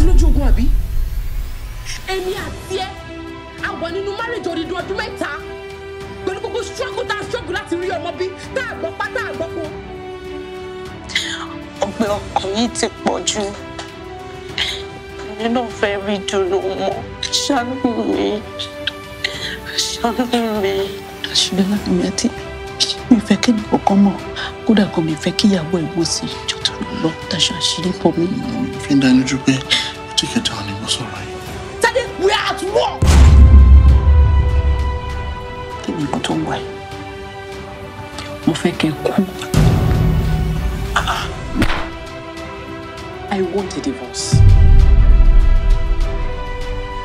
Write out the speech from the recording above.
sí lójú ogun àbí. èmi àti ẹ a wà nínú marriage odidi ọdún mẹ́ta pẹ̀lú gbogbo struggle tá a struggle láti rí ọmọ bí tá a gbọ́ pátá a gbọ́ kó. ọgbẹ́ ọkàn yìí ti pọ̀ jù èmi náà fẹ́ rí dùnú mọ́ ṣàánú mi ṣàánú mi. àṣìlẹ̀ láti mi àti mi fẹ́ kí ni kọ̀ọ̀kan mọ̀ kódà kan mi fẹ́ kíyàwó ẹ̀ wọ́n sí jọ́tọ̀ lọ tàṣà àṣírí pọ̀ mí. fi ń dánilójú pé Take it down, it was all Daddy, we are at war! Then kú tó ń wáyé. Mo fẹ́ kẹ́ ah, ah. I want a divorce.